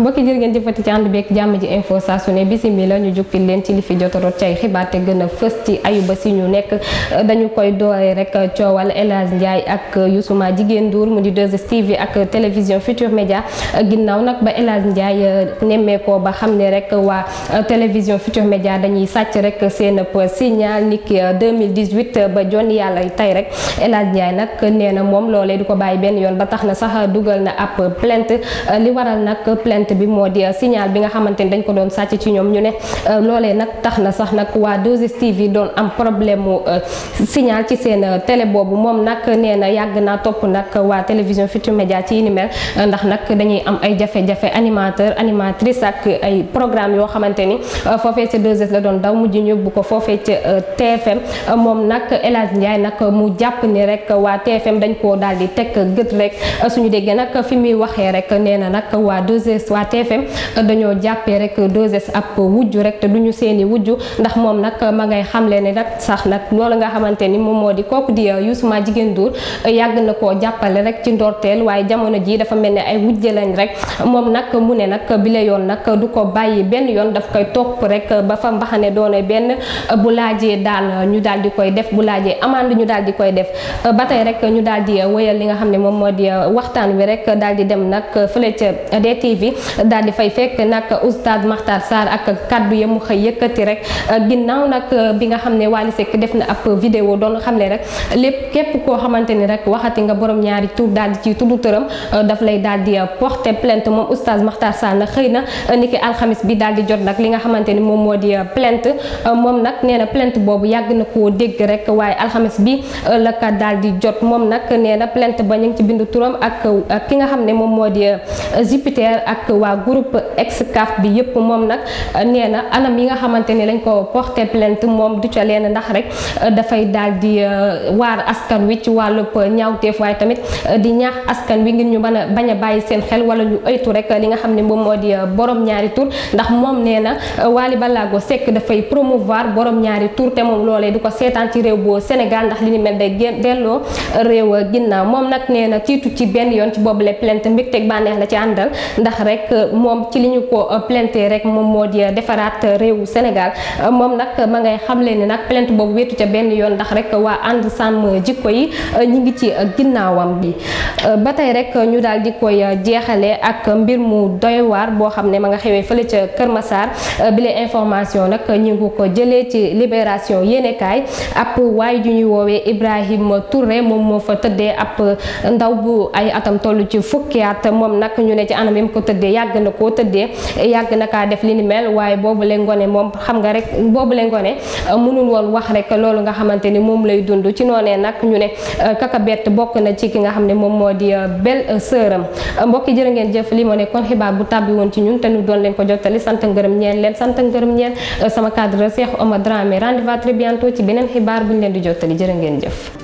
mbokki jërë ngeen jëfati ci ànd beeg jàmm ji info saa su ne bisimila ñu jukkil leen ci li fi jotorot cay xibaar te gën a fës ci ayuba si ñu nekk dañu koy doore rek coowal El Hadji Ndiaye ak Youssouma Jigéen Ndour mu di 2STV ak télévision Futur Média ginnaaw nag ba El Hadji Ndiaye nemmeekoo ba xam ne rek waa télévision Futur Média dañuy sàcc rek seen signal niki 2018 ba jon yàlla tey rek El njaay nag nee na moom loolee du ko bàyyi benn yoon ba tax na nag bi moo di signal bi nga xamante ni dañ ko doon sàcc ci ñoom ñu ne euh, loolee nag tax na sax nag waa 2STV doon am problème mu euh, signal ci seen euh, télé boobu moom nag nee na yàgg naa topp nag waa television Futurs Médias ci ni ndax nag dañuy am ay jafe-jafe animateur animatrice ak ay programme yoo xamante ni foofee ca 2 doon daw mujj ñu bu ko foofee ca TFM moom nag El Hadj nag mu jàpp ni rek waa TFM dañ ko daal di gët rek suñu déggee nag fi muy waxee rek nee nag waa 2S waa TFM dañoo jàppee rek 2S ab wujju rek te ñu seeni wujj ndax moom nag ma ngay xamle ne nag sax nag loolu nga xamante ni moom moo di kooku di Youssouma Jigéen Ndour yàgg na koo jàppale rek ci ndorteel waaye jamono jii dafa mel ay wujje lañ rek moom nag mu ne nag bi yoon nag du ko bàyyi benn yoon daf koy topp rek ba fa mbaxane doone benn bu laajee daal ñu daal di koy def bu laajee amande ñu daal di koy def ba tey ñu daal di wëyal li nga xam ne moom moo di waxtaan wi rek daal di dem nag fële ca TV daal di fay fekk nak oustaz Makhtar Sarr ak kaddu ya mu xëy yëkkati rek ginnaaw nag bi nga xam ne Wally Seck def na ab vidéo doon xam ne rek lépp képp koo xamante ni rek waxati nga borom ñaari tur daal di ci tuddu tëram daf lay daal di porter plainte moom oustaz Makhtar Sarr xëy na niki alxamis bi daal di jot nag li nga xamante ni moom moo di plainte moom nag nee na plainte boobu yàgg na koo dégg rek waaye alxamis bi la daal di jot moom nag nee na plainte ba ñu ngi ci bindu turam ak ki nga xam ne moom moo di Jupiter militaire ak waa groupe Excaf bi yëpp moom nag euh, nee na anam yi nga xamante ni lañ ko porté plainte moom du ca leen ndax rek euh, dafay daal di euh, waar askan wi ci wàllub ñaawteef waaye tamit di ñaax askan wi ngir ñu mën a bañ a bàyyi seen xel wala ñu ëytu rek li nga xam ne moom moo di borom ñaari tur ndax moom nee na Wally Ballago Seck dafay promouvoir borom ñaari tur te moom loolee du ko seetaan ci réew bu Sénégal ndax li ni mel day delloo réew ginnaaw moom nag nee na tiitu ci benn yoon ci boobule plainte mbégteeg bànneex la ci àndal ndax rek euh, moom ci li ñu ko euh, plainte rek moom moo di euh, defaraat réewu Sénégal moom nag ma ngay xamle ni nag plainte boobu wéetu ca benn yoon ndax rek waa ànd sàmm jikko yi ñu ngi ci ginnaawam bi ba tey rek ñu daal di koy jeexale ak mbir mu doywaar boo xam ne ma nga xewee fële ca Kër Massar bile information nag ñu ngi ko jëlee ci libération yéenekaay ab waay ju ñuy woowee Ibrahima Touré moom moo fa tëddee ab ndaw bu ay atam toll ci fukki moom nag ñu ne ci anam anam mu ko tëddee yàgg na koo tëddee yàgg na kaa def li ni mel waaye boobu la ngone moom xam nga rek boobu la ngone euh, mënul woon wax rek loolu nga xamante ni moom lay dund ci noonee nag ñu ne euh, kaka bett bokk na ci ki nga xam ne moom moo di euh, belle sœuram mbokki jërë ngeen jëf li moo nekkoon xibaar bu tàbbi woon ci ñun te ñu doon lañ ko jottali sant ngërëm ñeen leen sant ngërëm ñeen sama cadre Cheikh Omar Dramé rendez-vous très bientôt ci beneen xibaar bu ñu leen di jottali jërë ngeen jëf